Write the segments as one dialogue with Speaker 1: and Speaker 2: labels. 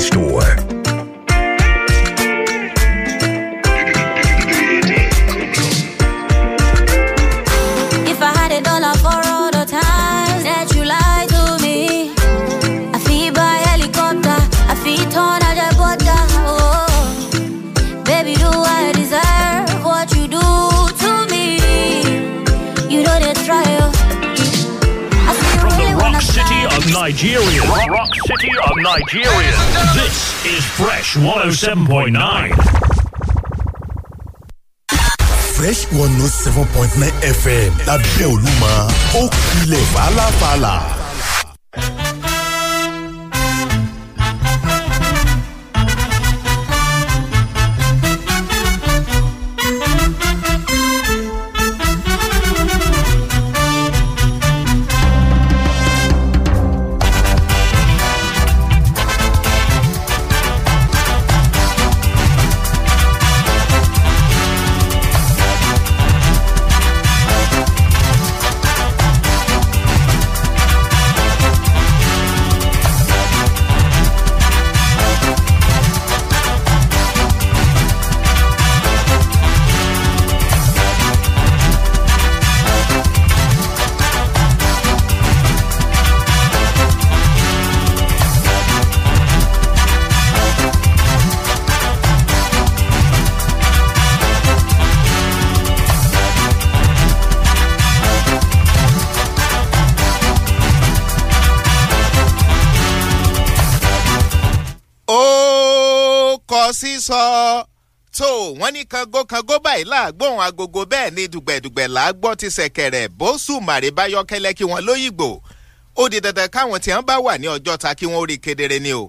Speaker 1: store.
Speaker 2: Nigeria. This is Fresh 107.9. Fresh 107.9 FM lábẹ́ Olúmọ ó kilẹ̀ fàlàfàlà. kọ sísọ tó wọ́n ní kango kango báyìí láàgbóhùn agogo bẹ́ẹ̀ ni dùgbẹ̀dùgbẹ̀ làágbọ́ ti ṣẹ̀kẹ̀rẹ̀ bó sùn màrìbáyọ kẹlẹ́ kí wọ́n lóyìnbó ó di dandan káwọn tí wọ́n bá wà ní ọjọ́ ta kí wọ́n rí kedere ni o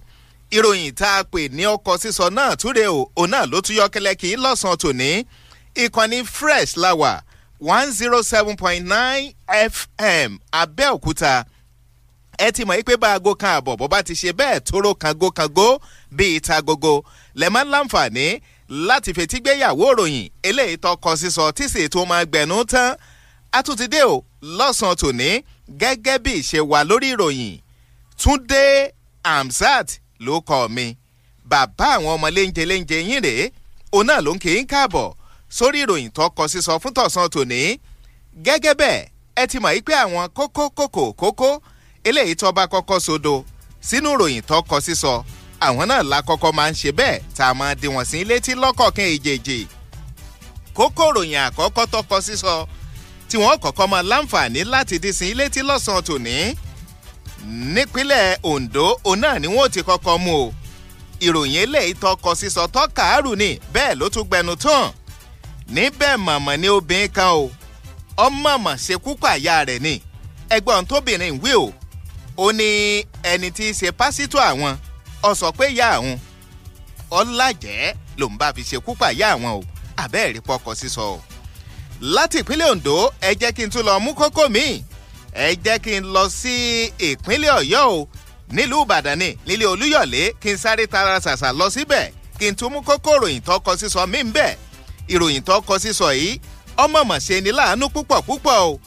Speaker 2: ìròyìn tá a pè ní ọkọ̀ sísọ náà túre o òun náà ló tún yọ kí lọ́sàn tòní ìkànnì fresh lawa one zero oh seven point nine fm abẹ́òkúta ẹ ti mọ̀ yí pé bá aago kan àbọ̀ bó bá ti ṣe bẹ́ẹ̀ tóró kango kango bíi ìta gogo lẹ máa ń láǹfààní láti fetígbéyàwó ìròyìn eléyìí tọkọ sísọ tí sì tún máa gbẹ̀nú tán àtúntìdé o lọ́sàn-án tòní gẹ́gẹ́ bí ìṣe wà lórí ìròyìn Túndé Hamzat ló kọ́ mi bàbá àwọn ọmọ léńjẹ léńjẹ yín rèé òun náà ló ń kí n káàbọ̀ sórí ìròyìn tọkọ sísọ fún tọ̀sán tòní gẹ́gẹ́ bẹ́ẹ̀ ẹ ti mọ̀ yí pé àwọn kókó kókó kókó eléyìí tó bá kọ́kọ́ sodo sínú ìròyìn tọkọ sísọ àwọn náà la kọ́kọ́ máa ń ṣe bẹ́ẹ̀ tá a máa dín wọn sí létí lọ́kọ̀ọ̀kan èjèèjì kókó ròyìn àkọ́kọ́ tọkọ sísọ tí wọ́n kọ́kọ́ máa láǹfààní láti dín sí létí lọ́sàn-án tòní nípínlẹ̀ Ondo òun náà ni wọ́n ti kọ́kọ́ mú o ìròyìn eléyìí tọkọ sísọ tọ́ka àrùn ni bẹ́ẹ̀ ló tún gbẹnu tán níbẹ̀ màmá ni obìnrin kan o ọmọ mà ṣekú pàyà rẹ̀ ni ẹgbọ́n tóbìnrin wí o ó ní ẹni tí í ṣe pásítọ̀ àwọn ọ sọ pé ìyá àwọn ọlájẹ́ lòun bá fi ṣekú pàyà àwọn o àbẹ́ẹ̀rí pọkọ sísọ o. láti ìpínlẹ̀ Ondo ẹ jẹ́ kí n tún lọ mú kókó mi ẹ jẹ́ kí n lọ sí ìpínlẹ̀ Ọ̀yọ́ o nílùú Ìbàdàn ni nílé Olúyọ̀lé kí n sáré tara ṣàṣà lọ síbẹ̀ kí n tún mú kókó ìròyìn tó kọ sísọ mí ń ìròyìn tó kọ sísọ yìí ọmọọmọ ṣe ni láàánú púpọ̀ púpọ̀ o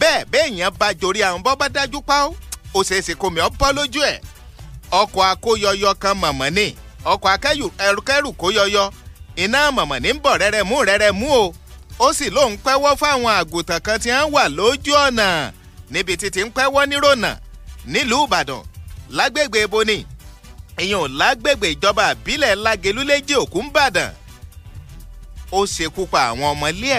Speaker 2: bẹ́ẹ̀ bẹ́ẹ̀ yẹn bá jorí àwọn bọ́ bá dájú pa ó ó kó mi ọ́ bọ́ lójú ẹ̀ ọkọ̀ akóyọyọ kan mọ̀mọ́ ọkọ̀ akẹ́rù kó iná mọ̀mọ́ ń bọ̀ rẹ́rẹ́ mú rẹ́rẹ́ mú o ó sì lóun pẹ́wọ́ fáwọn àgùntàn kan tí wọ́n wà lójú ọ̀nà níbi títí ń pẹ́wọ́ nírònà nílùú ìbàdàn lágbègbè lágbègbè ìjọba àbílẹ̀ lágelúléjì òkú ó àwọn ọmọ ilé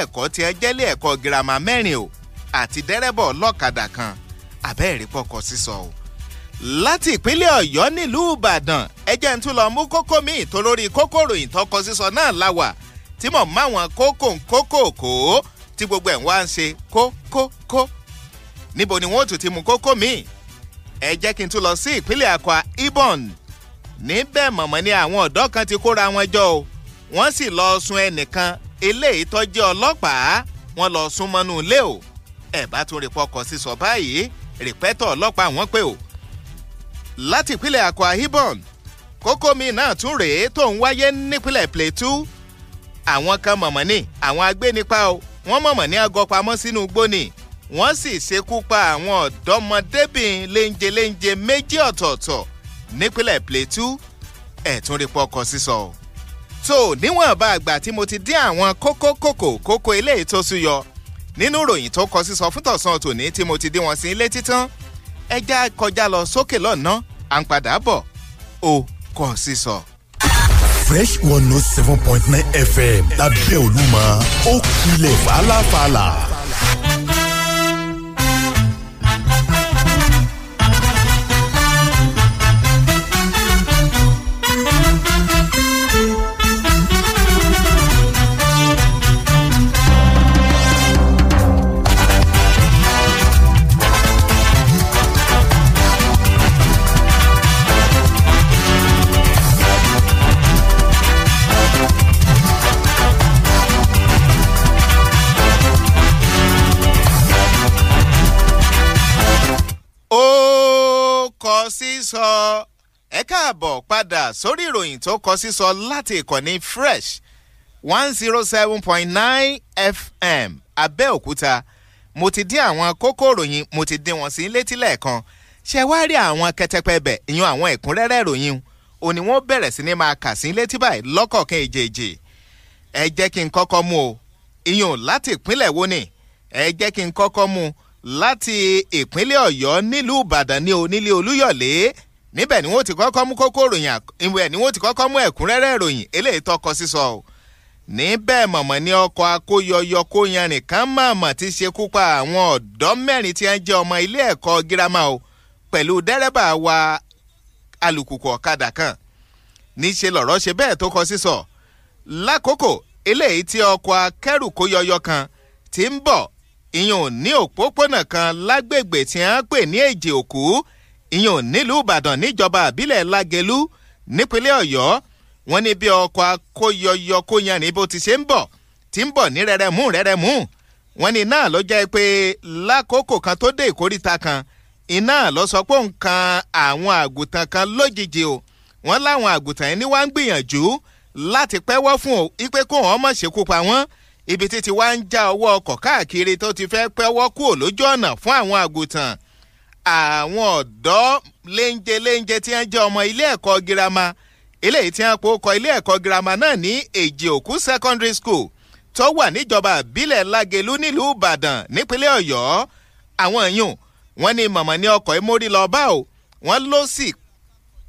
Speaker 2: láti ìpínlẹ̀ ọ̀yọ́ nílùú ìbàdàn ẹjẹ́ ń tún lọ mú kókó mi ìtòlórí kókó ròyìn tọkọ sísọ náà la wà tí mọ̀ mọ́ àwọn kókó kókó kó tí gbogbo ẹ̀ ń wá ń ṣe kókókó níbo ni wọ́n tún ti mú kókó mi ẹ jẹ́ kí n tún lọ sí ìpínlẹ̀ akwa ibon níbẹ̀ mọ̀mọ́ ni àwọn ọ̀dọ́ kan ti kóra wọn jọ o wọ́n sì lọ sun ẹnìkan eléyìí tọ́jú ọlọ́pàá wọ́n lọ sún mọ́nú ilé o ẹ̀ bá tún rí pọkọ̀ sísọ báyìí rìpẹ́tọ̀ ọlọ́pàá wọn pé o láti ìpínlẹ̀ akwa ibom kókó mi náà tún rèé tó ń wáyé nípínlẹ̀ plateau àwọn kan mọ̀mọ́ ni àwọn agbénipa o wọ́n mọ̀mọ́ ní agọ́ pamọ́ sínú igbó ni wọ́n sì ṣekú pa àwọn ọ̀dọ́mọdébìnrin léńjeléńje méjì ọ̀tọ̀ọ̀tọ̀ nípínlẹ̀ plateau ẹ̀tún rí pọkọ sísọ. tó níwọ̀n bá àgbà tí mo ti dín àwọn kókó kòkò kókó eléyìí tó súyọ nínú ìròyìn tó kọ sísọ fún tọ̀sán tòní tí mo ti dín wọn sí létí tán ẹja kọjá lọ sókè lọ́nà à o kò sí sọ. fresh one note oh seven point nine fm lábẹ́ olúmọ ó kilẹ̀ fàlàfàlà. padà sórí ìròyìn tó kọ sísọ láti ìkànnì fresh one zero seven point nine fm abẹ́òkúta mo ti dín àwọn kókó ìròyìn mo ti dín wọn sí létí lẹ́ẹ̀kan ṣe wá rí àwọn kẹtẹpẹ bẹ̀ ìyan àwọn ẹ̀kúnrẹ́rẹ́ ìròyìn ò ní wọ́n bẹ̀rẹ̀ sí ni máa kà sí létí báyìí lọ́kọ̀ọ̀kan èjèèjì ẹ jẹ́ kí n kọ́kọ́ mú o ìyan láti ìpínlẹ̀ wo ni ẹ jẹ́ kí n kọ́kọ́ mú láti ìpínlẹ̀ ọ̀yọ́ nílùú ìbàdàn ní onílé olúyọ̀lé níbẹ̀ ni wọ́n ti kọ́kọ́ mú kókó ròyìn ìwẹ̀ ni wọ́n ti kọ́kọ́ mú ẹ̀kúnrẹ́rẹ́ ròyìn eléyìí tọkọ sísọ o níbẹ̀ mọ̀mọ́ ní ọkọ̀ akóyọyọ kóyan nìkan mọ̀mọ́ ti ṣekú pa àwọn ọ̀dọ́ mẹ́rin tí wọ́n jẹ́ ọmọ ilé ẹ̀kọ́ girama o pẹ̀lú dẹ́rẹ́bà wa alùpùpù ọ̀kadà kan níṣẹ́ lọ̀rọ̀ ṣe bẹ́ẹ̀ tó kọ sísọ lákòókò eléyìí tí ọkọ̀ akẹ́rù kóyọyọ kan ti ń bọ̀ ìyẹn ò ní òpópónà kan lágbègbè tí wọ́n pè ní ìyẹn ò nílùú ìbàdàn níjọba àbílẹ̀ lágẹ̀lú nípínlẹ̀ ọ̀yọ́ wọn ní bí ọkọ̀ akóyọyọ kóyanrin bó ti ṣe ń bọ̀ ti ń bọ̀ ní rẹ̀rẹ̀mú rẹ̀rẹ̀mú wọn ní náà ló jẹ́ pé lákòókò kan tó dé ìkórìta kan iná lọ sọ pé nǹkan àwọn àgùntàn kan lójijì o wọn láwọn àgùntàn yẹn ni wọ́n ń gbìyànjú láti pẹ́wọ́ fún o ipe kó wọn mọ̀ ṣekú pa wọ́n ibi títí wá ń já ọwọ́ ọkọ̀ káàkiri tó ti fẹ́ pẹ́wọ́ kúò lójú ọ̀nà fún àwọn àgùntàn àwọn ọ̀dọ́ léńjẹ léńjẹ tí wọ́n jẹ́ ọmọ ilé ẹ̀kọ́ girama eléyìí tí wọ́n po kọ ilé ẹ̀kọ́ girama náà ní èjì òkú secondary school tó wà níjọba àbílẹ̀ lágelú nílùú ìbàdàn nípínlẹ̀ ọ̀yọ́ àwọn èèyàn wọn ní mọ̀mọ́ ní ọkọ̀ ìmórí lọ bá o wọ́n ló sì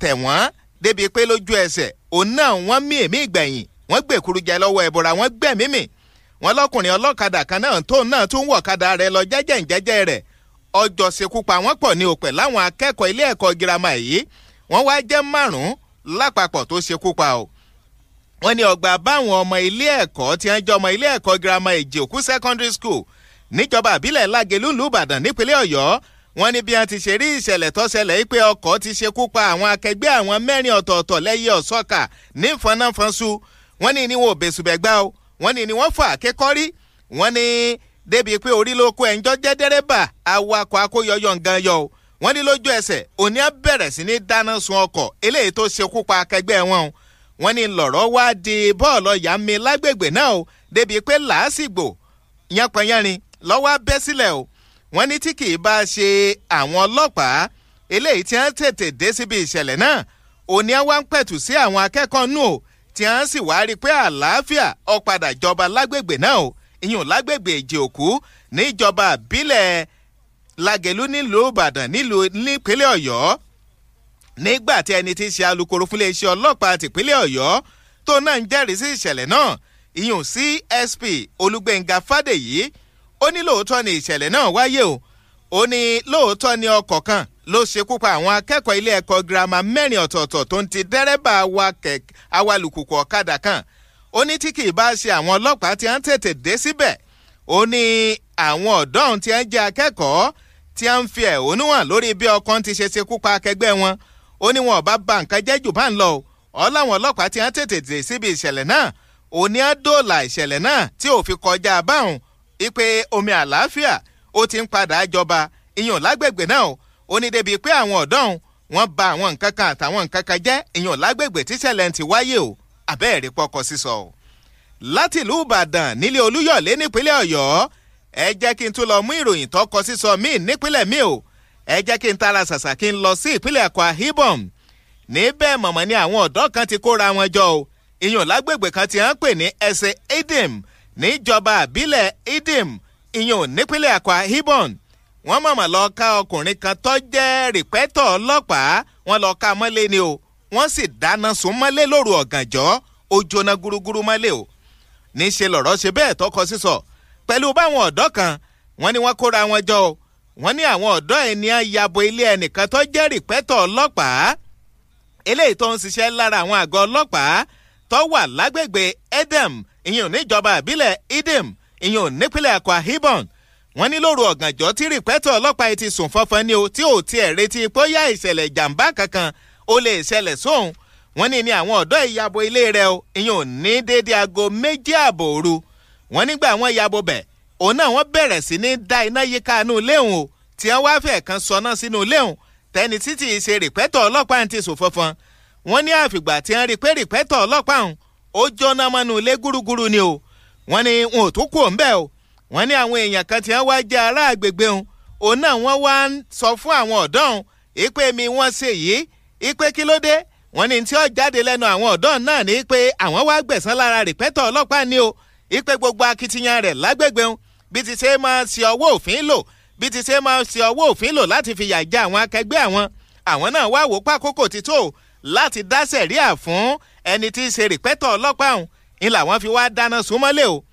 Speaker 2: tẹ̀ wọ́n débi pé lójú ẹsẹ̀ òun náà wọ́n mí èmí ìgbẹ̀yìn wọ́n gbèkúrú jẹ lọ́wọ́ ẹ̀bùrà wọ́n gbẹ̀mí mì wọ́n lọ́kùnrin ọlọ́kadà kan náà tóun náà tún wọ̀ kadà rẹ̀ lọ jẹ́jẹ́ ìjẹ́jẹ́ rẹ̀ ọjọ́ ṣekú pa wọ́n pọ̀ ní òpẹ̀ láwọn akẹ́kọ̀ọ́ ilé ẹ̀kọ́ girama yìí wọ́n wá jẹ́ márùn-ún lápapọ̀ tó ṣekú pa o wọ́n ní ọgbà báwọn ọmọ ilé ẹ̀kọ́ tí wọ́n jẹ́ ọmọ ilé ẹ̀kọ́ girama ìjẹ̀kú secondary school níjọba àbílẹ̀ lágelú lùbàdàn nípínlẹ̀ ọ̀yọ́ wọ́n ní bí wọ́n ti ṣe rí ìṣẹ̀lẹ̀ tó ṣẹlẹ̀ pé ọkọ̀ ti ṣekú pa àwọn akẹgbẹ́ àwọn mẹ́rin ọ̀tọ̀ọ̀tọ̀ lẹ́yẹ ọ̀sọ́kà ní fọnáfọ́nsu wọ́n ní ni wọn ò bẹ̀sùbẹ̀gbá o wọ́n ní ni wọ́n fọ àkẹ́kọ́rí wọ́n ní débìí pé orí ló kó ẹ̀ńjọ́ jẹ́ dẹ́rẹ́bà awakọ̀ akóyọyọ nǹkan yọ o wọ́n ní lójú ẹsẹ̀ òní á bẹ̀rẹ̀ sí ní dáná sun ọkọ̀ eléyìí tó ṣekú pa akẹgbẹ́ wọn o wọ́n ní lọ̀rọ̀ wá di bọ́ọ̀lù ọ̀yà mi lágbègbè náà o débìí pé làásìgbò yánpọnyánrin lọ́wọ́ á bẹ́ sílẹ̀ o wọ́n ní tí kì í bá ṣe àwọn ọlọ́pàá eléyìí tí wọ́n tètè dé síbi ìṣẹ̀lẹ̀ náà òní á wá ń pẹ̀tù sí àwọn akẹ́kọ̀ọ́ nù o tí wọ́n sì wá rí i pé àlàáfíà ó jọba lágbègbè náà o ìyún lágbègbè ìjẹ òkú níjọba àbílẹ̀ lagelu nílùú ìbàdàn nílùú nípínlẹ̀ ọ̀yọ́ nígbà tí ẹni tí í ṣe alukoro fún iléeṣẹ́ ọlọ́pàá tìpínlẹ̀ ọ̀yọ́ tó náà ń jẹ́rìí sí ìṣẹ̀lẹ̀ náà ìyún csp olùgbẹ̀ngà fàdèyí ó ní lóòótọ́ ni ìṣẹ̀lẹ̀ náà wáyé o ó ní lóòótọ́ ni ọkọ̀ kan ló ṣekú pa àwọn akẹ́kọ̀ọ́ ilé ẹ̀kọ́ girama mẹ́rin ọ̀tọ̀ọ̀tọ̀ tó ń ti dẹ́rẹ́bà awalùkùkù ọ̀kadà kan ó ní tí kì í bá ṣe àwọn ọlọ́pàá tí wọ́n tètè dé síbẹ̀ ó ní àwọn ọ̀dọ́ ọ̀hún tí wọ́n jẹ́ akẹ́kọ̀ọ́ tí wọ́n fi ẹ̀hónú hàn lórí bí ọkàn ti ṣe ṣekú pa akẹgbẹ́ wọn ó ní wọn ò ba nǹkan jẹ́ jù bá ń lọ o ọ láwọn ọlọ́pàá tí wọ́n tètè dé síbi ìṣẹ̀lẹ̀ náà ó ní á dóòlà ìṣẹ̀lẹ̀ náà tí ò fi kọjá báwọn ipe omi àlàáfíà ó ti ń padà jọba ìyàn lágbègbè náà ó ní débi pé àwọn ọ̀dọ́ wọn ba àwọn nǹkan kan àtàwọn nǹkan kan jẹ́ ìyàn lágbègbè tíṣẹ̀lẹ̀ ń ti wáyé o àbẹ́ẹ̀rí pọkọ sísọ o láti ìlú ìbàdàn nílé olúyọ̀lé nípínlẹ̀ ọ̀yọ́ ẹ jẹ́ kí n tún lọ mú ìròyìn tó sísọ míì nípínlẹ̀ mi o ẹ jẹ́ kí n tara ṣàṣà kí n lọ sí ìpínlẹ̀ Akwa Ibom níbẹ̀ mọ̀mọ́ ni àwọn ọ̀dọ́ kan ti kóra wọn jọ o ìyọ̀n lágbègbè kan ti hàn pè ní ẹsẹ̀ Idim níjọba àbílẹ̀ Idim ìyọ̀n nípínlẹ̀ Akwa Ibom wọ́n mọ̀mọ́ lọ ká ọkùnrin kan tó jẹ́ rìpẹ́tọ̀ ọlọ́pàá wọ́n lọ ká mọ́lé ni o wọ́n sì dáná sun mọ́lé lóru ọ̀gànjọ́ ó jóná gúrúgúrú mọ́lé o níṣẹ́ lọ̀rọ̀ ṣe bẹ́ẹ̀ tọkọ sísọ pẹ̀lú báwọn ọ̀dọ́ kan wọ́n ní wọ́n kóra wọn jọ o wọ́n ní àwọn ọ̀dọ́ ẹ̀ ní ayabo ilé ẹnìkan tó jẹ́ rìpẹ́tọ̀ ọlọ́pàá eléyìí tó ń ṣiṣẹ́ lára àwọn àgọ́ ọlọ́pàá tó wà lágbègbè edem ìyẹn níjọba ìbílẹ̀ idem ìyẹn nípínlẹ̀ akwa ibom wọ́n ní lóru ọ̀gànjọ́ tí rìpẹ́tọ̀ ọlọ́pàá ti sùn fọ́fọ́ ni o tí ò tiẹ̀ retí bóyá ìṣẹ̀lẹ̀ ìjàmbá kankan ó lè ṣẹlẹ̀ sóhun wọ́n ní ní àwọn ọ̀dọ́ ìyàbò ilé rẹ̀ o ìyẹn ò ní dédé aago méjì ààbò òru wọ́n nígbà wọ́n yàbò bẹ̀ òun náà wọ́n bẹ̀rẹ̀ sí ní da iná yíká inú léhùn o tí wọ́n wáá fẹ́ kan sọná sínú léhùn tẹni títí ṣe rìpẹ́tọ̀ ọlọ́pàá ti sòfọ́fọ́n wọ́n ní àfìgbà tí wọ́n rí pé rìpẹ́tọ̀ ọlọ́pàá ọ̀hún ó jóná mọ́nú ilé gúrúgúrú ni o wọ́n ní wọn ò tún kú òun bẹ́ẹ̀ o wọ́n ní àwọn èèyàn kan tí wọ́n wá jẹ́ ará àgbègbè ọ̀hún òun náà wọ́n wá sọ fún àwọn ọ̀dọ́ ọ̀hún èpè mi wọ́n ṣe yìí ipe kí ló dé wọ́n ní tí ó jáde lẹ́nu àwọn ọ̀dọ́ náà ní pé àwọn wá gbẹ̀san lára rìpẹ́tọ̀ ọlọ́pàá ni o ipe gbogbo akitiyan rẹ̀ lágbègbè ń bí ti ṣe máa ṣe ọwọ́ òfin lò bí ti ṣe máa ṣe ọwọ́ òfin lò láti fìyà jẹ àwọn akẹgbẹ́ àwọn àwọn náà wá wò pákókò ti tó láti dá sẹ̀ríà fún ẹni tí í ṣe rìpẹ́tọ̀ ọlọ́pàá ọ̀hún ni làwọn fi wá dáná sun o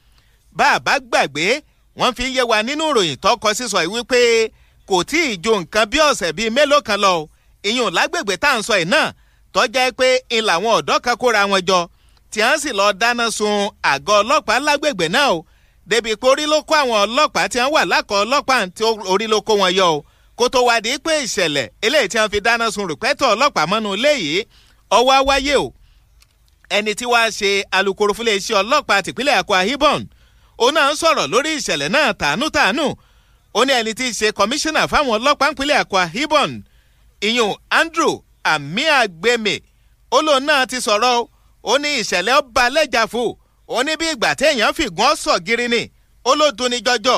Speaker 2: bá a bá gbàgbé wọ́n fi yé wa nínú ìròyìn tó kọ sísọ yìí wípé ìyún lágbègbè tá à ń sọ ẹ̀ náà tọ́já pé ń làwọn ọ̀dọ́ kan kóra wọn jọ tí wọ́n sì lọ́ọ́ dáná sun àgọ́ ọlọ́pàá lágbègbè náà o débi pé orí ló kó àwọn ọlọ́pàá tí wọ́n wà lákọ̀ ọlọ́pàá tí orí ló kó wọn yọ o kó tó wá di pé ìṣẹ̀lẹ̀ eléyìí tí wọ́n fi dáná sun rìpẹ́tọ̀ ọlọ́pàá mọ́nú ilé yìí ọwọ́ wáyé o ẹni tí wàá ṣe alukoro fún iléeṣẹ́ ọlọ́pàá tìpínlẹ̀ Akwa Ibom òun náà ń sọ̀rọ̀ lórí ìṣẹ̀lẹ̀ náà tàánú tàánú ó ní ẹni tí í ṣe kọmíṣánná fáwọn ọlọ́pàá ìpínlẹ̀ Akwa Ibom ìyún andrew amiagbemi ó lóun náà ti sọ̀rọ̀ o ó ní ìṣẹ̀lẹ̀ ọba lẹ́jàfò ó ní bí ìgbà téèyàn fìgún ọ̀sọ̀ gírí ni ó ló dunni jọjọ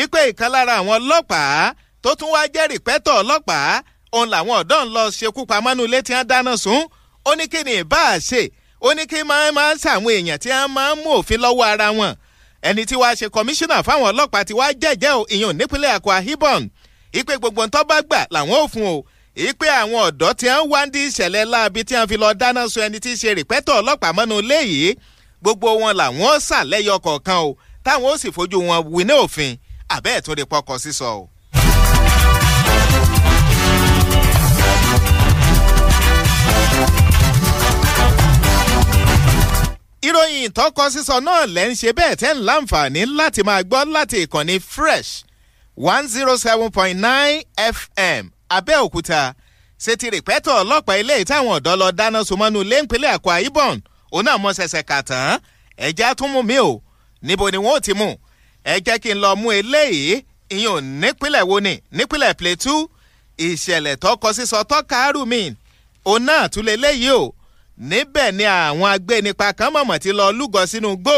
Speaker 2: ìpè ìkan lára àwọn ọlọ́pàá tó tún wá jẹ́ rìpẹ́tọ̀ ọlọ́pàá òun làwọn ọ̀dọ́ ń lọ ṣekú pamọ́nú ilé tí wọ́n dáná sun ó ní kí ni ìbá ṣe ó ní kí máa máa ṣàwọn èèyàn tí wọ́n máa ń mú òfin lọ́wọ́ ara wọn ẹni tí wàá ṣe kọmíṣánná fáwọn ọlọ́pàá tí wàá jẹ́jẹ́ ìyọ̀n nípínlẹ̀ Akwa Ibom ìpè gbogbo ń tọ́ bá gbà làwọn ò fún o ìpè àwọn ọ̀dọ́ tí wọ́n wá ń di ìṣẹ̀lẹ̀ láabi tí wọ́n fi lọ dáná sun ẹni tí í ṣe rìpẹ́tọ̀ ọlọ́pàá mọ́nú ilé gbogbo wọn làwọn sà kọ̀ọ̀kan o táwọn ó sì fojú wọn winá òfin àbẹ́ ẹ̀ tó lè pọkọ sísọ o. ìròyìn ìtọ́kọ sísọ náà lẹ́ ń ṣe bẹ́ẹ̀ tẹ́ ń láǹfààní láti máa gbọ́ láti ìkànnì fresh one zero seven point nine fm Abẹ́òkúta ṣe ti rìpẹ́tọ̀ ọlọ́pàá ilé ìtàwọn ọ̀dọ́ lọ dáná sọmọ́nú lẹ́ńpẹ́lẹ́ Akwa Ibom òun náà mọ ṣẹ̀ṣẹ̀ kà tán ẹ̀já tún mú mi ò níbo ni wọ́n ti mú ẹ jẹ́ kí n lọ mú eléyìí ìyẹn ò nípínlẹ̀ wo ni nípínlẹ̀ Plateau ìṣẹ̀lẹ̀ tọkọ sísọ tọ́kàárù mi òun náà tún lè léyìí o níbẹ̀ ni àwọn agbénipa kan mọ̀mọ̀ ti lọ lúgọ sínú gbó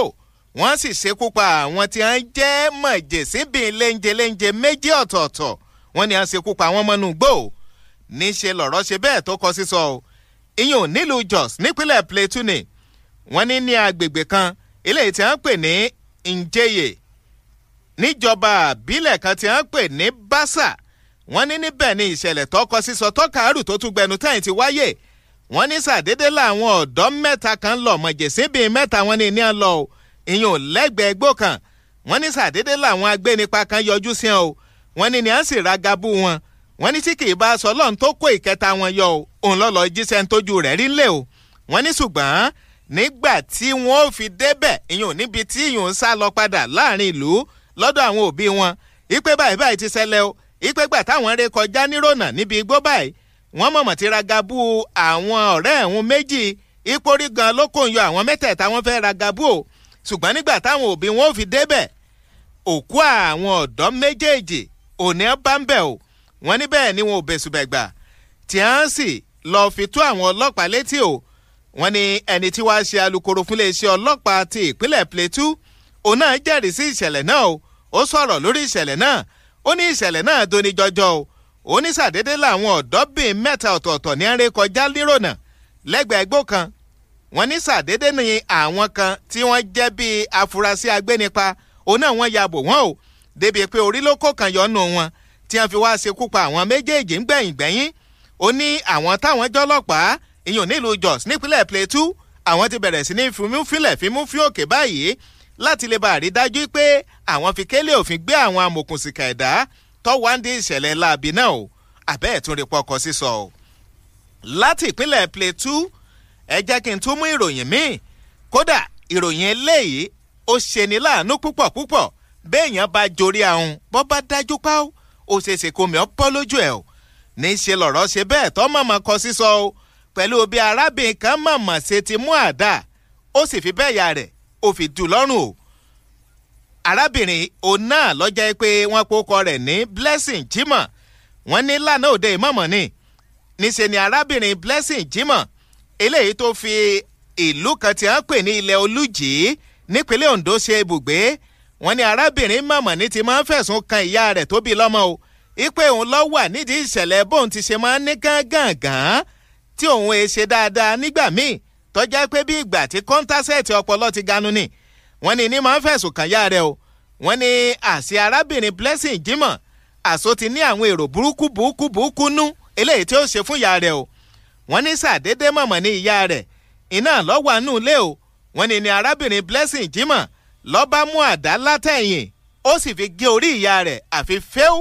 Speaker 2: wọ́n sì ṣekú pa àwọn tí wọ́n jẹ́ mọ̀jẹ̀síbìn léńjeléńje méjì ọ̀tọ̀ọ̀tọ̀ wọ́n ní à ń ṣekú pa wọ́n mọ́nú gbó níṣẹ́ lọ̀rọ̀ ṣe bẹ́ẹ̀ tó kọ sísọ o ìyẹn nílùú Jos nípínlẹ̀ Plateau ni wọ́n ní ní agbègbè kan eléyìí tí wọ́n pè ní Njeye níjọba àbílẹ̀ kan tí wọ́n pè ní Basa wọ́n ní níbẹ̀ ni ìṣẹ̀lẹ̀ tọkọ sísọ tọkàárù tó tún gbẹnu tẹ́yìn ti wáyé wọ́n ní sàdédé làwọn ọ̀dọ́ mẹ́ta kan lọ mọ̀jẹ̀sí bíi mẹ́ta wọ́n ni ní àlọ́ o ìyẹn ò lẹ́gbẹ̀ẹ́ gbó kan wọ́n ní sàdédé làwọn agbénipa kan yọjú sí ọ wọ́n ní ni à ń sì ra gabu wọn wọ́n ní tí kì í bá aṣọ ọlọ́run tó kó ìkẹta wọn yọ o òun lọ́lọ́ jíṣẹ́ ń tójú rẹ̀ rí lé o wọ́n ní ṣùgbọ́n nígbà tí wọ́n ò fi débẹ̀ ìyún níbi tí ìyún ń sá lọ padà láàrin ìlú lọ́dọ̀ àwọn òbí wọn ìpè báyìí báyìí ti ṣẹlẹ̀ o ìpè gbà táwọn ré kọjá nírònà níbi igbó báyìí wọ́n mọ̀mọ̀ ti ra gabu àwọn ọ̀rẹ́ ẹ̀hún méjì ìporí gan ló kò ń yọ àwọn mẹ́tẹ̀ẹ̀ta wọn fẹ́ ra gabu o ṣùgbọ́n nígbà táwọn òbí wọn ò fi débẹ̀ òkú àwọn ọ̀dọ́ méjèèjì òní bá ń bẹ̀ o wọ́n ní bẹ́ẹ̀ ni wọn ò bẹ̀sùbẹ̀gbà tí a ń sì lọ fi tó àwọn ọlọ́pàá létí o wọ́n ní ẹni tí wàá ṣe alukoro fún iléeṣẹ́ ọlọ́pàá ti ìpínlẹ̀ Plateau òun náà jẹ́rìí sí ìṣẹ̀lẹ̀ náà o ó sọ̀rọ̀ lórí ìṣẹ̀lẹ̀ náà ó ní ìṣẹ̀lẹ̀ náà doni jọjọ o ó ní sàdédé làwọn ọ̀dọ́bìn mẹ́ta ọ̀tọ̀ọ̀tọ̀ ní ẹ̀rẹ́ kọjá lérònà lẹ́gbẹ̀ẹ́ igbó kan wọ́n ní sàdédé ni àwọn kan tí wọ́n jẹ́ bíi afurasí agbénipa òun náà wọ́n ya wọ́n o débi pé orí ló kó kan yọnu wọn tí wọ́n fi wá ṣekú pa àwọn méjèèjì ń gbẹ̀yìn gbẹ̀yìn ó ní àwọn táwọn jọlọ́pàá ìyọ̀n nílùú Jos nípínlẹ̀ Plateau àwọn ti bẹ̀rẹ̀ sí ní fimúfilẹ̀ fimúfin òkè báyìí láti lè bá a rí dájú pé àwọn fi kélé òfin gbé àwọn amòòkùnsìkà ẹ̀dá tó wá ń di ìṣẹ̀lẹ̀ láabi náà o àbẹ́ ẹ̀ tún rí pọkọ sísọ o. láti ìpínlẹ̀ Plateau ẹ jẹ́ kí n tún mú ìròyìn míì kódà ìròyìn eléyìí ó ṣeni láàánú púpọ̀ púpọ̀ béèyàn bá jorí ahun bọ́ bá dájú pa ó ó ṣeéṣe kó mi ọ́ bọ́ lójú ẹ̀ o níṣẹ́ lọ̀rọ̀ ṣe bẹ́ẹ̀ tọ́ mọ̀mọ́ kọ sísọ o pẹ̀lú bí arábìnrin kan mọ̀mọ́ ṣe ti mú àdá ó sì fi bẹ́ẹ̀ ya rẹ̀ ó fi dù lọ́rùn o arábìnrin òun náà lọ́jà pé wọ́n pokọ rẹ̀ ní blessing jimoh wọ́n ní lánà òde ìmọ̀mọ̀ ni níṣẹ́ ni arábìnrin blessing jimoh eléyìí tó fi ìlú kan tí wọ́n pè ní ilẹ̀ olújì nípínlẹ̀ ondo ṣe ibùgbé wọ́n ní arábìnrin mọ̀mọ́ ní ti máa ń fẹ̀sùn kan ìyá rẹ̀ tó bí lọ́mọ o ipe òun lọ wà nídìí ìṣẹ̀lẹ̀ bóun ti ṣe máa ń ní gángan tí òun è e ṣe dáadáa nígbà míì tọ́já pé bí ìgbà tí kọ́ńtásẹ̀tì ọpọlọ ti ganu ni wọ́n ní ní máa ń fẹ̀sùn kan yá rẹ̀ o wọ́n ní àṣì arábìnrin blessing jimoh àṣọ ti ní àwọn èrò burúkú burúkú burúkú nú eléyìí tí ó ṣe fún ìyá rẹ̀ o wọ́n ní sàdédé mọ̀mọ́ ní ìyá rẹ̀ iná lọ́wọ́ àánú ilé o wọ́n ní ní arábìnrin blessing jimoh lọ́ba mú àdá látẹ̀yìn ó sì fi gé orí ìyá rẹ̀ àfi fẹ́ù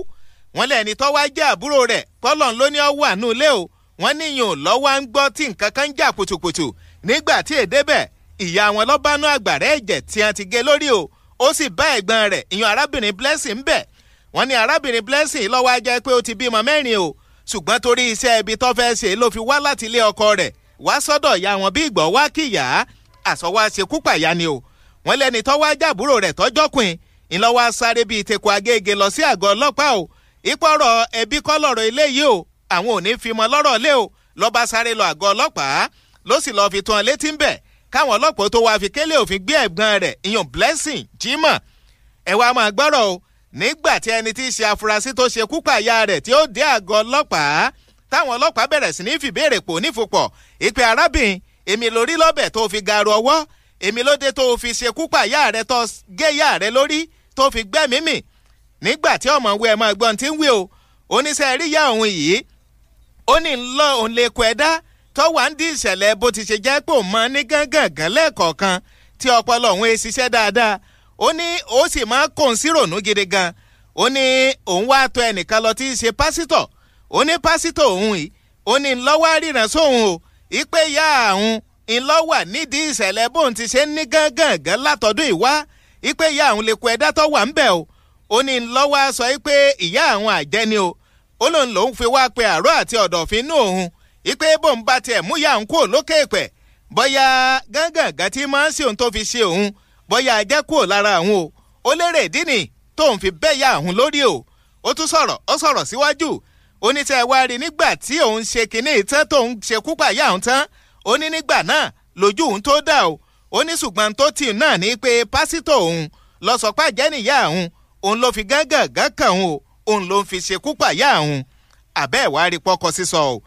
Speaker 2: wọ́n lẹ́ni tó wá jẹ́ àbúrò rẹ̀ pọ́lọ̀ ló ní ọwọ́ àánú ilé o wọ́n níyàn lọ́wọ́ ń gbọ́ tí nǹkan kan ń jà pòtòpòtò nígbà tí èdè bẹ̀ ìyá wọn lọ́ba nú àgbàrá ẹ̀jẹ̀ tí wọ́n ti gé lórí o ó sì bá ẹ̀gbọ́n rẹ̀ ìyàn arábìnrin blessing ń bẹ̀ wọ́n ní arábìnrin blessing lọ́wọ́ ajẹ́ pé ó ti bímọ mẹ́rin o ṣùgbọ́n torí iṣẹ́ ibi tó fẹ́ ṣe ló fi wá láti ilé ọkọ rẹ̀ wá sọ́dọ̀ ìyá wọn bí ìgbọ́ wá kíyà àsọwọ́ àṣekúpàyà ni o wọ́n lẹ́ni tó wá jàbúrò rẹ̀ tọ́jọ́kùn ńlọ́wọ́ sáré bíi tẹ̀kọ́ agége lọ sí àgọ́ ọlọ́pàá o ìpọ̀rọ̀ ẹbí kọ́ lọ̀rọ̀ ilé yìí o àwọn ò ní fi mọ́ lọ́rọ̀ lé o lọ́ba sáré lọ àgọ́ ọlọ́pàá ló sì lọ́ọ́ fi tún létí ń káwọn ọlọ́pàá tó wá fi kélé òfin gbé ẹ̀gbọ́n rẹ̀ ìyọ̀n blessing jimoh ẹ wá máa gbọ́rọ̀ o nígbà tí ẹni tí í ṣe afurasí tó ṣekú pààyà rẹ̀ tí ó dé àgọ́ ọlọ́pàá táwọn ọlọ́pàá bẹ̀rẹ̀ sí ní fìbéèrè pò nífòpọ̀ ìpè arábìnrin èmi lórí lọ́bẹ̀ tó fi garo ọwọ́ èmi ló dé tó o fi ṣekú pàyà rẹ tó gé yà rẹ lórí tó fi gbẹ́mìí mì nígbà tí ọmọ wẹ ọmọ ẹgbọn ti ń wí o oníṣẹ́ rí yá òun yìí ó ní ń lọ òun lè kọ ẹ̀dá tó wà ń di ìṣẹ̀lẹ̀ bó ti ṣe jẹ́ pò mọ́ ní gángan lẹ́ẹ̀kọ̀ọ̀kan tí ọpọlọ òun ẹ e ṣiṣẹ́ dáadáa ó ní ó sì máa kó òun sí rònú gidi gan ó ní òun wá tọ̀ ẹnìkan lọ tí í ṣe pásítọ̀ ó ní pásítọ̀ òun yìí ó ní lọ́wọ́ o ìpè yá àwọn ńlọ́wà nídìí ìṣẹ̀lẹ̀ bóun ti ṣe ń ní gángan látọdún ìwá ipe ìyá àwọn lè kó ẹ̀dá tó wà ń bẹ̀ o ó ní ńlọ́wà sọ pé ìyá àwọn àjẹni o ó lóun lòún fi wá pe àárọ̀ àti ọ̀dọ̀fín inú òun ipe bóun bá tiẹ̀ mú ìyá òun kúrò lókè pẹ̀ bóyá gángan tí máa ń ṣe òun tó fi ṣe òun bóyá ajẹ́ kúrò lára òun o ó lérè ìdí tóun fi bẹ́ ìyá òun lórí o ó tún sọ̀rọ̀ ó sọ̀rọ̀ síwájú ó ní tẹ́ ẹ wá rí nígbà tí òun ṣe kinní tán tóun ṣekú pàyà òun tán ó ní nígbà náà lójú òun tó dà o ó ní ṣùgbọ́n tó tì náà ní pé pásítọ̀ òun lọ́sọ̀pá jẹ́nìyá òun òun ló fi gángan kàn òun o òun ló ń fi ṣekú pàyà òun àbẹ́ ìwà rí pọkọ sísọ o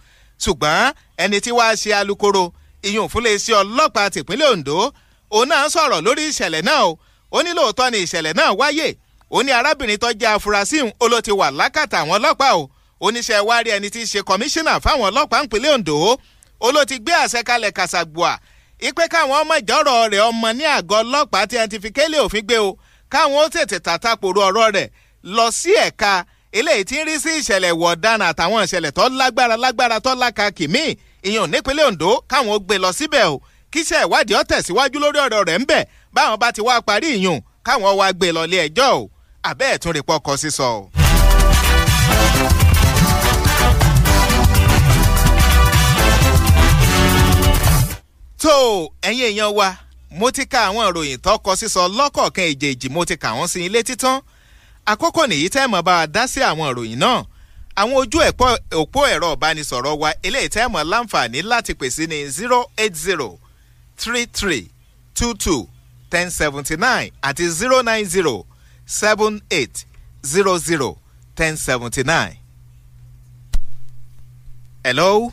Speaker 2: ṣùgbọ́n ẹni tí wàá ṣe alukoro ìyún fún iléeṣẹ́ ọlọ́pàá tìpínlẹ̀ Ondo òun náà sọ̀rọ̀ lórí ìṣẹ̀lẹ̀ náà o ó ní lóòótọ́ ni ìṣẹ̀lẹ̀ náà wáyé ó ní arábìnrin tó jẹ́ afurasí òun ló ti wà lákàtà àwọn ọlọ́pàá o oníṣẹ́ wárí ẹni tí í ṣe kọmíṣánná fáwọn ọlọ́pàá ìpínlẹ̀ Ondo olóò ti gbé àṣẹ kalẹ̀ kàṣàgbùà ipe káwọn ọmọ ìjọ́rọ̀ rẹ̀ ọmọ ní àgọ́ ọlọ́pàá tí ẹni òfin gbé o káwọn ó tètè tàtàpòrò ọ̀rọ̀ rẹ̀ lọ sí ẹ̀ka eléyìí tí ń rí sí ìṣẹ̀lẹ̀ ìwọ̀ ọ̀daràn àtàwọn ìṣẹ̀lẹ̀ tó lágbára lágbára tó láka kìmí ìyàn nípínlẹ̀ Ondo káwọn ó gbé lọ síbẹ̀ o kíṣẹ́ ìwádìí ó tẹ̀síwájú lórí ọ̀rọ̀ rẹ̀ ń bẹ̀ báwọn bá ti wá parí ìyàn káwọn wá gbé lọ ilé ẹjọ́ o àbẹ́ẹ̀ tún rí pọkọ sísọ o. tó ẹ̀yin èèyàn wa mo ti ka àwọn ìròyìn tó kọ sísọ lọ́kọ̀ọ̀kan èjèèjì mo ti kà wọ́n sí ilé títán àkókò nìyí tẹ́ mọ̀ bá a dá sí àwọn ìròyìn náà àwọn ojú òpó ẹ̀rọ ìbánisọ̀rọ̀ wa eléyìí tẹ́ mọ̀ láǹfààní láti pèsè ní zero eight zero three three two two ten seventy nine àti zero nine zero seven eight zero zero ten seventy nine. hello.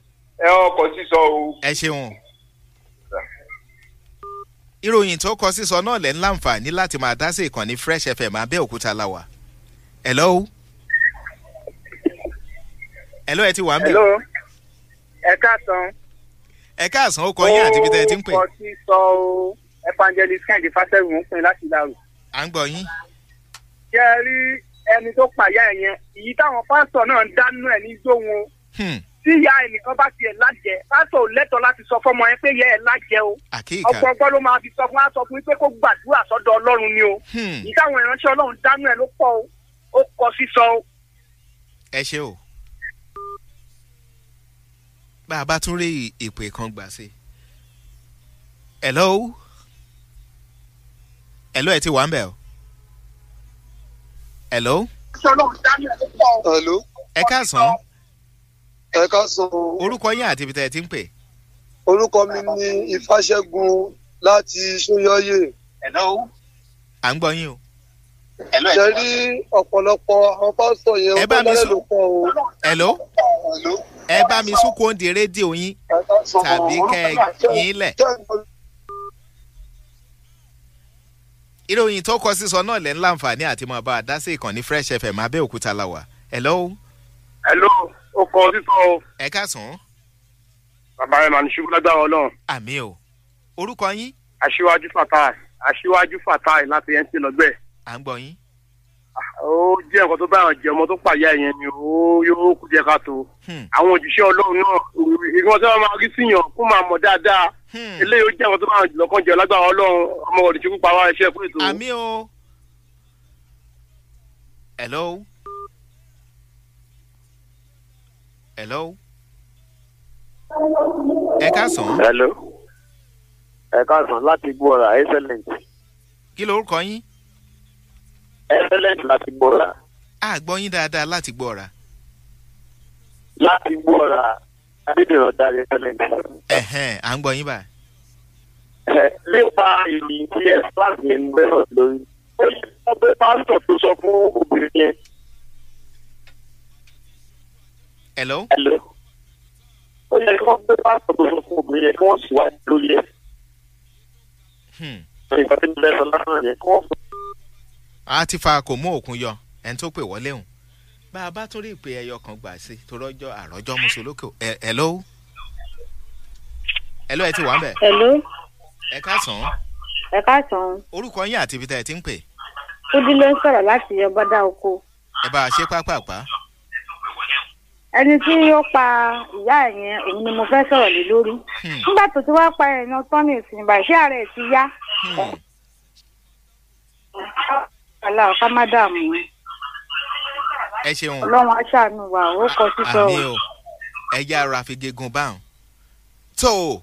Speaker 1: ẹ ọkọ̀ sísọ o.
Speaker 2: ẹ ṣeun ìròyìn tó kọ sísọ náà lẹ́ ń láǹfààní láti máa dá sí ìkànnì fresh fm abẹ́òkúta láwà. hello. hello ẹ ti wà ń bẹ̀. hello ẹ káàsán. ẹ káàsán ó kọ yín àti ibi tẹ́ ń pè. ó kọ sísọ
Speaker 1: o evangelist kẹ́hìndé fásẹ́gun ń pin láti dàrú. à ń gbọ́ yín. jẹ́ rí ẹni tó pààyà ẹ̀yẹn èyí táwọn pásítọ̀ náà dánú ẹ̀ ní zóhun o. Hmm tí ìyá ẹnìkan bá tiẹ̀ lájẹ pásítọ̀ ò lẹ́tọ̀ọ́ láti sọ fọmọ yẹn pé ìyá ẹ̀ lájẹ o ọ̀pọ̀ ọgbọ́n ló máa fi sọ fún aṣọ fún pé kó gbàdúrà sọ́dọ̀ ọlọ́run ni o hmm. ìtàwọn ìránṣẹ́ ọlọ́run dánú ẹ̀ ló pọ̀ o ó kọ sísọ o.
Speaker 2: ẹ ṣe o bá a bá tún rí ìpè kan gbà sí hello hello ẹ ti wà ń bẹ̀ o hello. hello. ẹ káàsán ẹ ká sọ. orúkọ yín àti ibi tẹ́ ẹ ti ń pè. orúkọ mi ni ìfàṣẹ́gun láti sóyọ́yè. à ń gbọ́ yín o. ẹ rí ọ̀pọ̀lọpọ̀ àwọn pásítọ̀ yẹn ó bá lẹ́lò pọ̀ o. hello. ẹ bá mi súnkún òǹdè rédíò yín tàbí kẹ́ ẹ yín lẹ̀ ìròyìn tó kọ sísọ náà lẹ́ àti mọ̀ bá a dá sí ìkànnì fresh fm abẹ́òkúta la wà. hello. hello ó kọ sísọ o. ẹ káàsán. bàbá rẹ̀ màá ní ṣubú lágbára ọlọ́run. àmì o orúkọ yín. aṣíwájú fatai aṣíwájú fatai láti yẹn ti lọgbẹ. à ń gbọ́ yín.
Speaker 1: Ah, ó jẹ́ nǹkan tó báyọ̀ jẹ́ ọmọ tó pàyà yẹn ni ó yóò kú jẹ́ ká tó. Hmm. àwọn òjíṣẹ́ ọlọ́run náà ìgbọ́n tí wọ́n máa rí síyàn kó máa mọ̀ dáadáa. Hmm. eléyìí ó jẹ́ nǹkan tó báyọ̀ jùlọ kan jẹ́ lágbára ọlọ́run ọmọ òdìṣẹ́ pípa wá iṣẹ́ fún ètò. àmì o.
Speaker 2: hello. hello. ẹ káàsán. hello. ẹ káàsán láti gbọ́ra excellent. kí lorúkọ yín. excellent láti gbọ́ra. a gbọ́ yín dáadáa láti gbọ́ra. láti gbọ́ra
Speaker 1: adédèrò darí excellent. ẹ̀hẹ̀n à ń gbọ́ yín báyìí. nípa ìlú tí ẹ fáàgì ń bẹ̀rẹ̀ lórí ó yẹ kí wọ́n gbé pásítọ̀ tó sọ fún
Speaker 2: obìnrin yẹn hello. hello. ó yẹ kí wọ́n gbé pásítọ̀ tó fún obìnrin yẹn kí wọ́n sì wá lórí ẹ̀. Hmm. ìgbà tí mo lẹ́ sọ lásán yẹn kí wọ́n. a ti fa kò mú òkun yọ ẹni tó pè wọlé hùn bá a bá tún rí ìpè ẹyọ kan gbà sí i tó rọjò mùsùlùkù hello. hello ẹ ti wà ń bẹ̀. hello. ẹ káàsán. ẹ káàsán. orúkọ yín àti ibi tá ẹ ti ń pè.
Speaker 1: ó dín ló ń sọ̀rọ̀ láti yọ bọ́dá oko.
Speaker 2: ẹ bá a ṣe pápá pa. pa, pa
Speaker 1: ẹni tí ó pa ìyá ẹ̀ yẹn òun ni mo fẹ́ sọ̀rọ̀ lé lórí hmm. nígbà tó ti wá pa ẹ̀ náà tán ní ìsìn ìbàdí sí ààrẹ ti yá ọ̀la hmm. ọ̀ká má ẹ ṣeun ọlọ́run aṣáánú wa ó kọ sísọ o àmì
Speaker 2: o ẹ yára fi gígùn báwọn tó o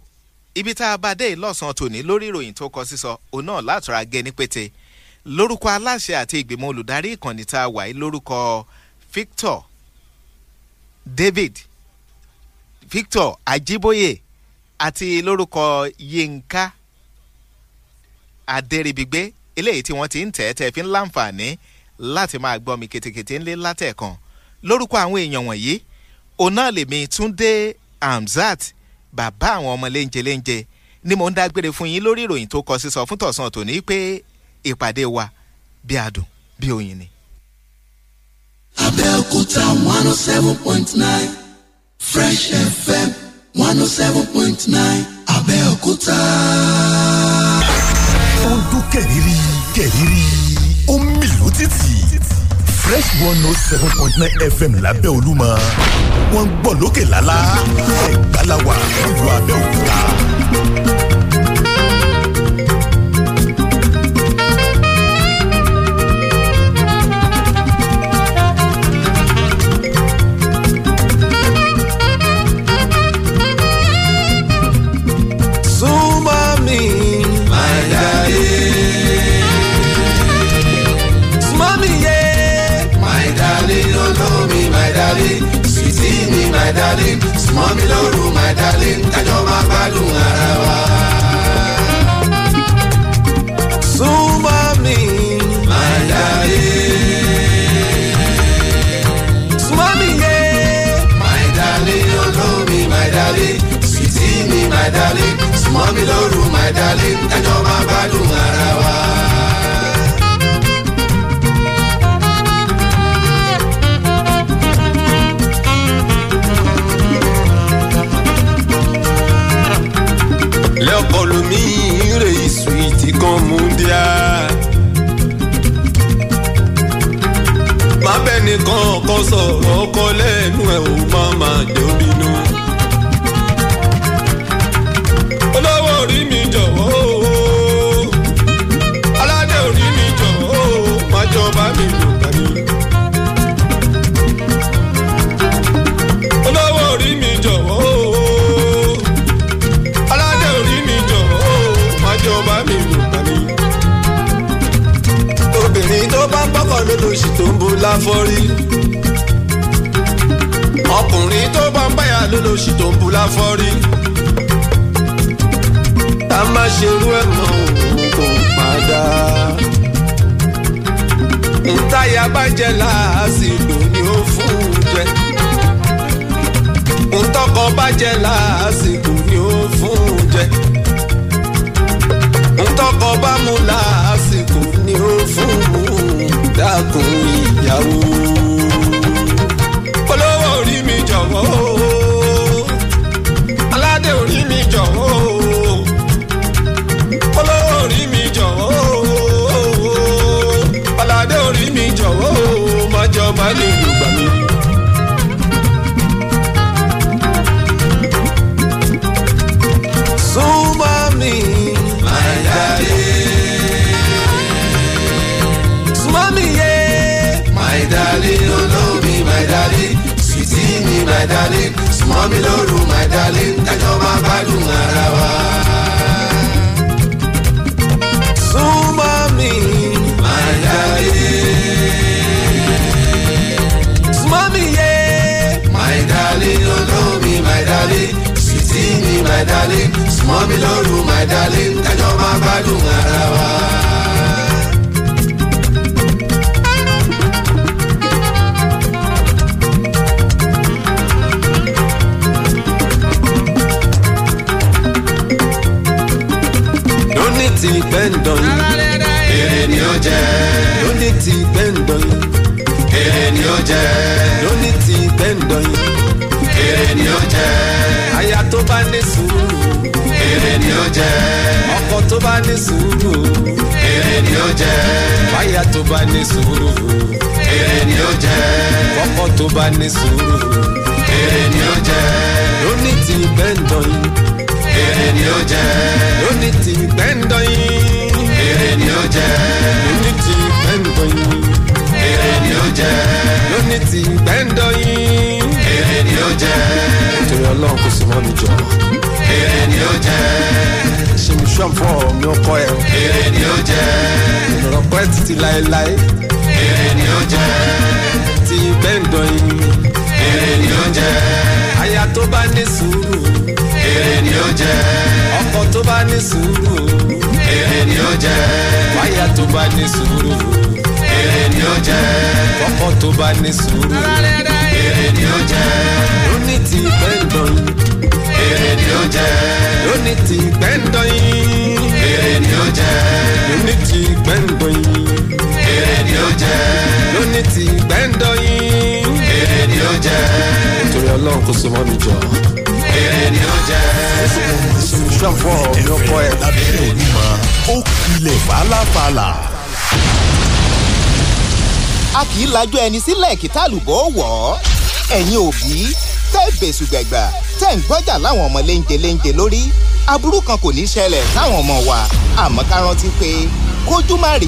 Speaker 2: ibi tá a bá dé lọ́sàn-án tòní lórí ìròyìn tó kọ sísọ òun náà látọ̀ra gẹ ní pété lórúkọ aláṣẹ àti ìgbìmọ̀ olùdarí ìkànnì tá a wà yìí lórúkọ Victor David Victor Ajiboye àti lórúkọ Yínká Adéríbigbé eléyìí tí wọ́n ti ń tẹ̀ tẹ̀ fi ń láǹfààní láti máa gbọ́ mi kètèkètè ńlẹ̀ látẹ̀kan lórúkọ àwọn èèyàn wọ̀nyí òun náà lèmi Túndé Hamzat bàbá àwọn ọmọ léńjẹ léńjẹ ni mò ń dágbére fún yín lórí ìròyìn tó kọ sísọ fún tọ̀sán tòní pé ìpàdé wa bí adùn bí oyin ni. Abẹ́òkúta one oh Fresh
Speaker 1: FM 107.9 oh seven point nine Abẹ́òkúta.
Speaker 2: ó kẹ̀rìírí kẹ̀rìírí ó ń mì Fresh one oh seven point nine FM lábẹ́ Olúmọ wọ́n ń gbọ́ lókè lálá Ẹ̀gbá la wà nílùú Abẹ́òkúta.
Speaker 1: darling sweetie mi my darling súnmọ́ mi lóru my darling kájọ máa gbádùn ara wa. súnmọ́ mi my darling. súnmọ́ mi yé. my darling olómi my darling sweetie mi my darling súnmọ́ mi lóru my darling kájọ máa gbádùn ara wa. campeón mundial. má bẹ́ẹ̀ nìkan kan sọ̀rọ̀ kọ́ lẹ́nu ẹ̀ ò má má jẹ́ òbínú. mọ́ mi lóru my darling kájọ máa gbádùn ara wa. súnmọ́ mi my darling. súnmọ́ mi yé. my darling olóhùn mi my darling sweetie mi my darling súnmọ́ mi lóru my darling kájọ máa gbádùn ara wa. ti pẹ́ ń dán yín. èrè ni ó jẹ́. lónìí ti pẹ́ ń dán yín. èrè ni ó jẹ́. lónìí ti pẹ́ ń dán yín. èrè ni ó jẹ́. aya tó bá ní sùúrù. èrè ni ó jẹ́. ọkọ tó bá ní sùúrù. èrè ni ó jẹ́. fáyà tó bá ní sùúrù. èrè ni ó jẹ́. kọ́kọ́ tó bá ní sùúrù. èrè ni ó jẹ́. lónìí ti pẹ́ ń èrè ni ó jẹ́. lónìí tí pẹ́ ń dọ́yìn. èrè ni ó jẹ́. lónìí tí pẹ́ ń dọ́yìn. èrè ni ó jẹ́. lónìí tí pẹ́ ń dọ́yìn. èrè ni ó jẹ́. nítorí ọlọ́run kò sí mọ́ mi jọ. èrè ni ó jẹ́. ṣé mi ṣọ́ fún ọ̀rọ̀ mi ọkọ ẹ̀. èrè ni ó jẹ́. ìrọ̀rọ̀ pẹ́ títí láéláé. èrè ni ó jẹ́. tí pẹ́ ń dọ́yìn. èrè ni ó jẹ́. aya tó bá ní sùúrù èrè ni ó jẹ́. ọkọ tó bá ní sùúrù èrè ni ó jẹ́. wáyà tó bá ní sùúrù èrè ni ó jẹ́. ọkọ tó bá ní sùúrù èrè ni ó jẹ́. lóní ti pẹ́ ń èrè ni ó jẹ́. lóní ti pẹ́ ń èrè ni ó jẹ́. lóní ti pẹ́ ń èrè ni ó jẹ́. lóní ti pẹ́ ń èrè ni ó jẹ́. nítorí ọlọ́run kò so mọ́ mi jọ èrè ni ó jẹ́.
Speaker 2: a kì í lajọ ẹni sílẹ̀ kìtàlùbọ̀ wọ̀ ọ́ ẹ̀yin òbí tẹ́ bẹ̀sù gbẹ̀gbà tẹ́ ń gbọ́jà láwọn ọmọ léńjẹ léńjẹ lórí aburú kan kò ní ṣẹlẹ̀ láwọn ọmọ wa àmọ́ ká rántí pé kójú má rí